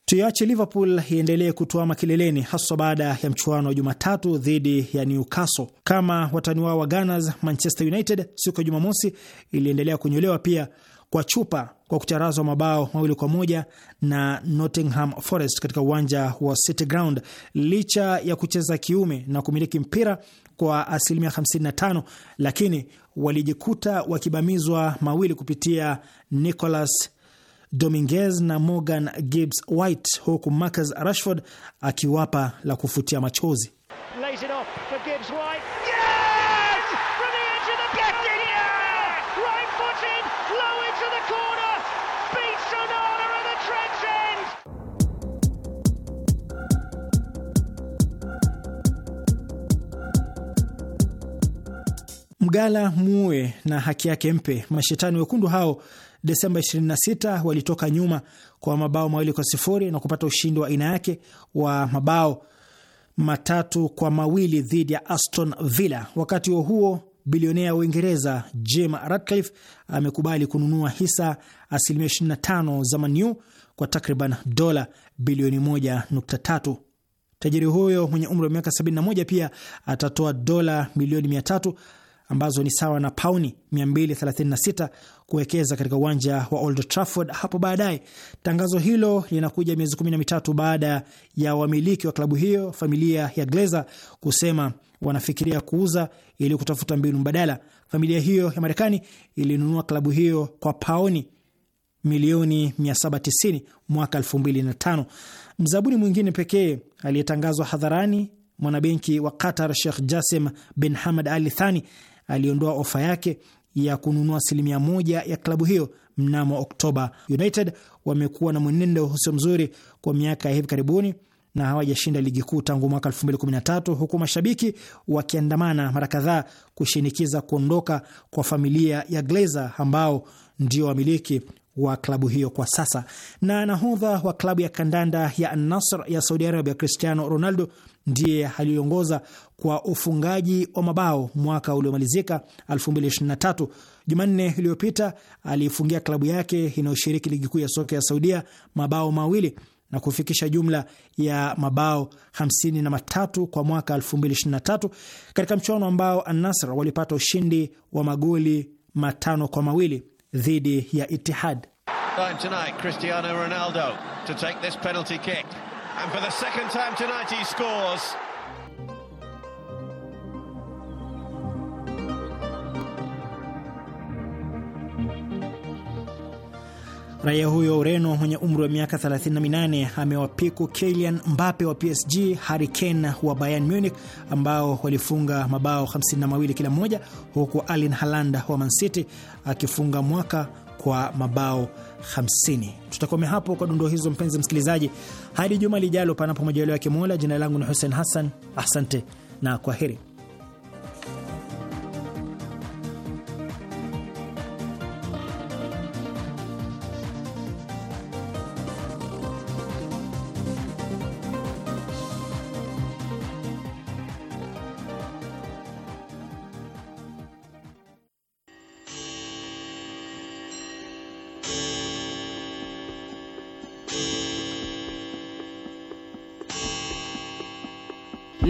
Tuiache Liverpool iendelee kutuama kileleni, haswa baada ya mchuano wa Jumatatu dhidi ya Newcastle. Kama watani wao wa Gunners, Manchester United siku ya Jumamosi iliendelea kunyolewa pia kwa chupa kwa kucharazwa mabao mawili kwa moja na Nottingham Forest katika uwanja wa City Ground. Licha ya kucheza kiume na kumiliki mpira kwa asilimia 55, lakini walijikuta wakibamizwa mawili kupitia Nicolas Dominguez na Morgan Gibbs White, huku Marcus Rashford akiwapa la kufutia machozi. Mgala muue na haki yake mpe. Mashetani wekundu hao Desemba 26 walitoka nyuma kwa mabao mawili kwa sifuri na kupata ushindi wa aina yake wa mabao matatu kwa mawili dhidi ya Aston Villa. Wakati huo huo, bilionea wa Uingereza Jim Ratcliffe amekubali kununua hisa asilimia 25 za Manu kwa takriban dola bilioni 1.3. Tajiri huyo mwenye umri wa miaka 71 pia atatoa dola milioni 300 ambazo ni sawa na pauni 236 kuwekeza katika uwanja wa Old Trafford hapo baadaye. Tangazo hilo linakuja miezi mitatu baada ya wamiliki wa klabu hiyo, familia ya Glazer, kusema wanafikiria kuuza ili kutafuta mbinu mbadala. Familia hiyo ya Marekani ilinunua klabu hiyo kwa paoni milioni 790 mwaka 2005. Mzabuni mwingine pekee aliyetangazwa hadharani, mwanabenki wa Qatar Sheikh Jasem bin Hamad Al Thani aliondoa ofa yake ya kununua asilimia moja ya klabu hiyo mnamo Oktoba. United wamekuwa na mwenendo usio mzuri kwa miaka ya hivi karibuni na hawajashinda ligi kuu tangu mwaka 2013 huku mashabiki wakiandamana mara kadhaa kushinikiza kuondoka kwa familia ya Glazer ambao ndio wamiliki wa klabu hiyo kwa sasa. Na nahodha wa klabu ya kandanda ya Nasr ya Saudi Arabia, Cristiano Ronaldo ndiye aliyoongoza kwa ufungaji wa mabao mwaka uliomalizika 2023. Jumanne iliyopita aliifungia klabu yake inayoshiriki ligi kuu ya soka ya Saudia mabao mawili na kufikisha jumla ya mabao 53 kwa mwaka 2023 katika mchuano ambao al walipata ushindi wa magoli matano kwa mawili dhidi ya Itihad. Cristiano Ronaldo to take this penalty kick and for the second time tonight he scores. Raia huyo wa Ureno mwenye umri wa miaka 38 amewapiku Kylian Mbappe wa PSG, Harry Kane wa Bayern Munich ambao walifunga mabao 52 kila mmoja, huku Erling Haaland wa Man City akifunga mwaka kwa mabao 50. Tutakomea hapo kwa dondoo hizo, mpenzi msikilizaji, hadi juma lijalo, panapo majaliwa ya kimola Jina langu ni Hussein Hassan, asante na kwa heri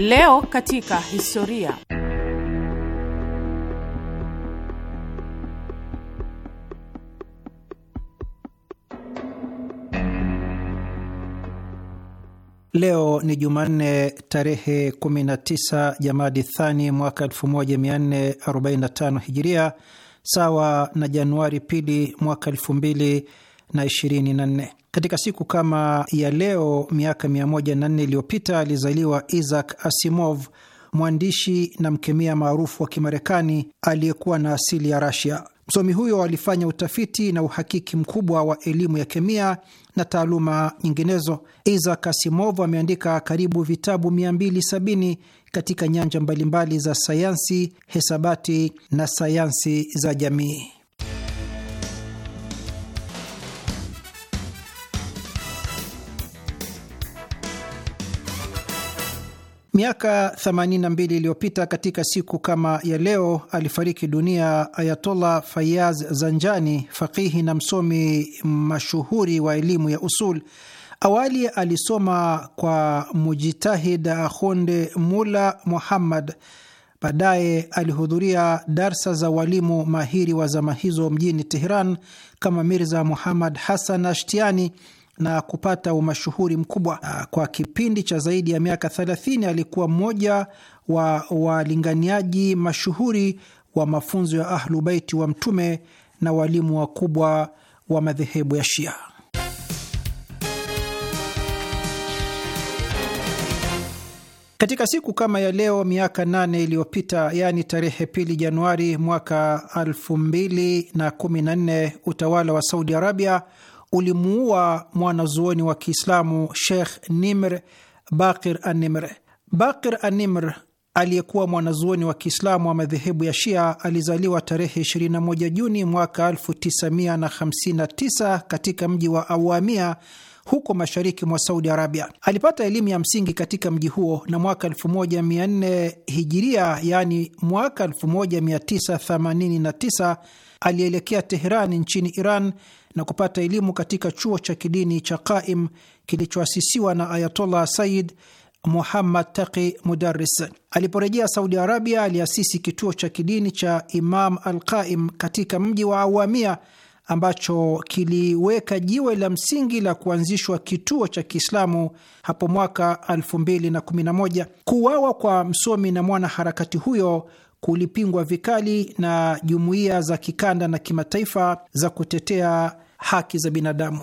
Leo katika historia. Leo ni Jumanne tarehe 19 Jamadi Thani mwaka 1445 Hijiria, sawa na Januari pili mwaka 2024. Katika siku kama ya leo miaka 104 iliyopita alizaliwa Isaac Asimov, mwandishi na mkemia maarufu wa Kimarekani aliyekuwa na asili ya Rasia. Msomi huyo alifanya utafiti na uhakiki mkubwa wa elimu ya kemia na taaluma nyinginezo. Isaac Asimov ameandika karibu vitabu 270 katika nyanja mbalimbali za sayansi, hesabati na sayansi za jamii. Miaka 82 iliyopita katika siku kama ya leo alifariki dunia Ayatollah Fayaz Zanjani, fakihi na msomi mashuhuri wa elimu ya usul. Awali alisoma kwa mujitahid honde Mula Muhammad. Baadaye alihudhuria darsa za walimu mahiri wa zama hizo mjini Teheran kama Mirza Muhammad Hassan Ashtiani na kupata umashuhuri mkubwa. Ah, kwa kipindi cha zaidi ya miaka 30 alikuwa mmoja wa walinganiaji mashuhuri wa mafunzo ya Ahlu Baiti wa Mtume na walimu wakubwa wa madhehebu ya Shia. Katika siku kama ya leo miaka nane iliyopita, yaani tarehe pili Januari mwaka 214 utawala wa Saudi Arabia ulimuua mwanazuoni wa Kiislamu Sheikh Nimr Bakir Animr. Bakir Animr aliyekuwa mwanazuoni wa Kiislamu wa madhehebu ya Shia alizaliwa tarehe 21 Juni mwaka 1959 katika mji wa Awamia huko mashariki mwa Saudi Arabia. Alipata elimu ya msingi katika mji huo na mwaka 1400 hijiria, yaani mwaka 1989 alielekea Teherani nchini Iran na kupata elimu katika chuo cha kidini cha Qaim kilichoasisiwa na Ayatollah Said Muhammad Taqi Mudaris. Aliporejea Saudi Arabia, aliasisi kituo cha kidini cha Imam al Qaim katika mji wa Awamia ambacho kiliweka jiwe la msingi la kuanzishwa kituo cha Kiislamu hapo mwaka 2011. Kuuawa kwa msomi na mwanaharakati huyo kulipingwa vikali na jumuiya za kikanda na kimataifa za kutetea haki za binadamu.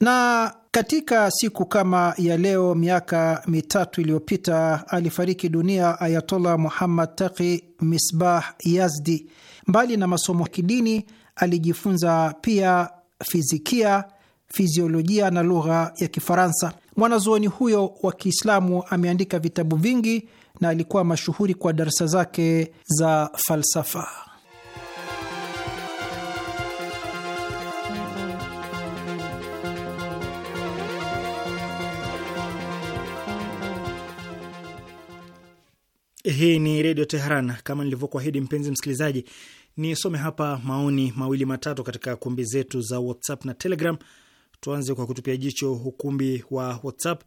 Na katika siku kama ya leo miaka mitatu iliyopita alifariki dunia Ayatollah Muhammad Taqi Misbah Yazdi. Mbali na masomo ya kidini, alijifunza pia fizikia, fiziolojia na lugha ya Kifaransa. Mwanazuoni huyo wa Kiislamu ameandika vitabu vingi na alikuwa mashuhuri kwa darsa zake za falsafa. Hii ni Redio Teheran. Kama nilivyokuahidi, mpenzi msikilizaji, nisome hapa maoni mawili matatu katika kumbi zetu za WhatsApp na Telegram. Tuanze kwa kutupia jicho ukumbi wa WhatsApp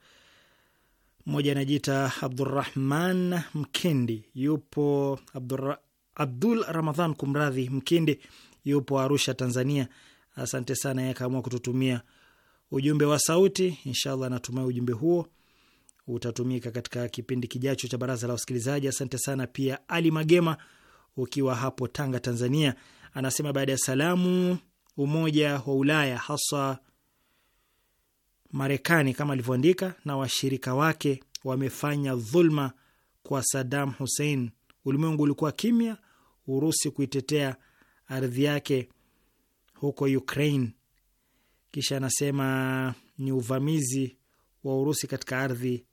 mmoja anajiita Abdurrahman Mkindi, yupo Abdurra, Abdul Ramadhan kumradhi, Mkindi yupo Arusha, Tanzania. Asante sana, yeye akaamua kututumia ujumbe wa sauti. Inshallah natumai ujumbe huo utatumika katika kipindi kijacho cha baraza la wasikilizaji. Asante sana pia Ali Magema, ukiwa hapo Tanga, Tanzania, anasema baada ya salamu, umoja wa Ulaya hasa Marekani kama alivyoandika, na washirika wake wamefanya dhulma kwa Saddam Hussein. Ulimwengu ulikuwa kimya, Urusi kuitetea ardhi yake huko Ukraine. Kisha anasema ni uvamizi wa Urusi katika ardhi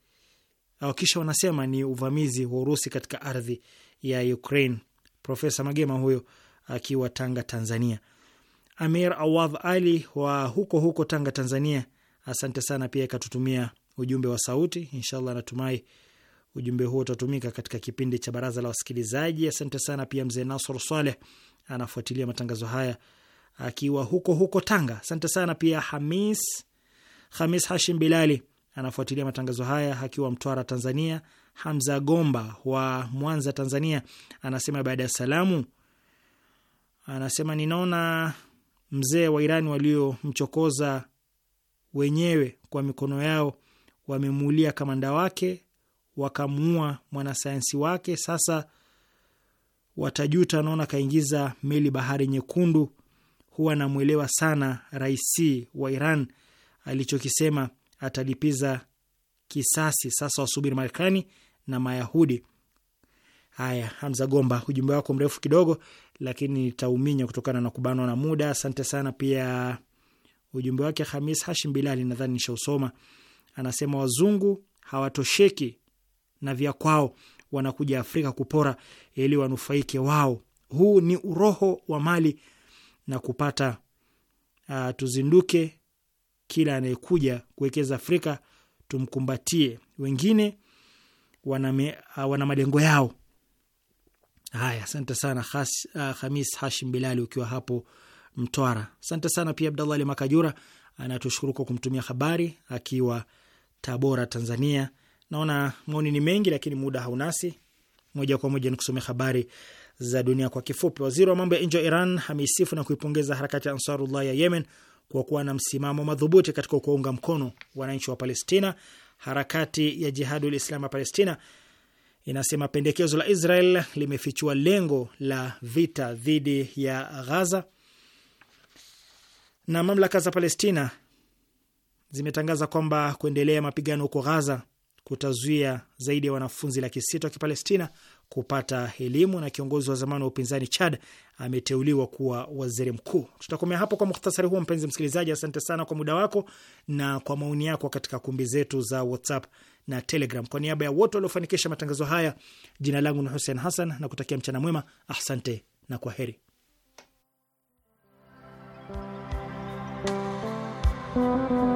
au, kisha wanasema ni uvamizi wa Urusi katika ardhi ya Ukraine. Profesa Magema huyo akiwa Tanga, Tanzania. Amir Awadh Ali wa huko huko Tanga, Tanzania Asante sana pia ikatutumia ujumbe wa sauti. Inshallah, natumai ujumbe huo utatumika katika kipindi cha baraza la wasikilizaji. Asante sana pia mzee Nasr Saleh anafuatilia matangazo haya akiwa huko huko Tanga. Asante sana pia Hamis Hamis Hashim Bilali anafuatilia matangazo haya akiwa Mtwara, Tanzania. Hamza Gomba wa Mwanza, Tanzania anasema baada ya salamu, anasema ninaona mzee wa Irani waliomchokoza wenyewe kwa mikono yao wamemuulia kamanda wake, wakamuua mwanasayansi wake. Sasa watajuta, naona kaingiza meli bahari nyekundu. Huwa namwelewa sana raisi wa Iran, alichokisema atalipiza kisasi. Sasa wasubiri Marekani na Mayahudi. Haya, Hamza Gomba, ujumbe wako mrefu kidogo, lakini nitauminya kutokana na kubanwa na muda. Asante sana pia Ujumbe wake Hamis Hashim Bilali, nadhani nishausoma, anasema wazungu hawatosheki na vya kwao, wanakuja Afrika kupora ili wanufaike wao. Huu ni uroho wa mali na kupata. Uh, tuzinduke, kila anayekuja kuwekeza Afrika tumkumbatie. Wengine waname, uh, ah, wana malengo yao. Haya, asante sana Khas, uh, ah, Hamis Hashim Bilali ukiwa hapo Mtwara. Asante sana pia Abdallah Ali Makajura anatushukuru kwa kumtumia habari akiwa Tabora, Tanzania. Naona maoni ni mengi, lakini muda haunasi. Moja kwa moja nikusomea habari za dunia kwa kifupi. Waziri wa mambo ya nje wa Iran ameisifu na kuipongeza harakati ya Ansarullah ya Yemen kwa kuwa na msimamo madhubuti katika kuwaunga mkono wananchi wa Palestina. Harakati ya Jihadul Islam ya Palestina inasema pendekezo la Israel limefichua lengo la vita dhidi ya Ghaza na mamlaka za Palestina zimetangaza kwamba kuendelea mapigano huko Ghaza kutazuia zaidi ya wanafunzi laki sita wa Kipalestina kupata elimu. Na kiongozi wa zamani wa upinzani Chad ameteuliwa kuwa waziri mkuu. Tutakomea hapo kwa muhtasari huo. Mpenzi msikilizaji, asante sana kwa muda wako na kwa maoni yako katika kumbi zetu za WhatsApp na Telegram. Kwa niaba ya wote waliofanikisha matangazo haya, jina langu ni Hussein Hassan na kutakia mchana mwema. Asante na kwa heri. Thank you.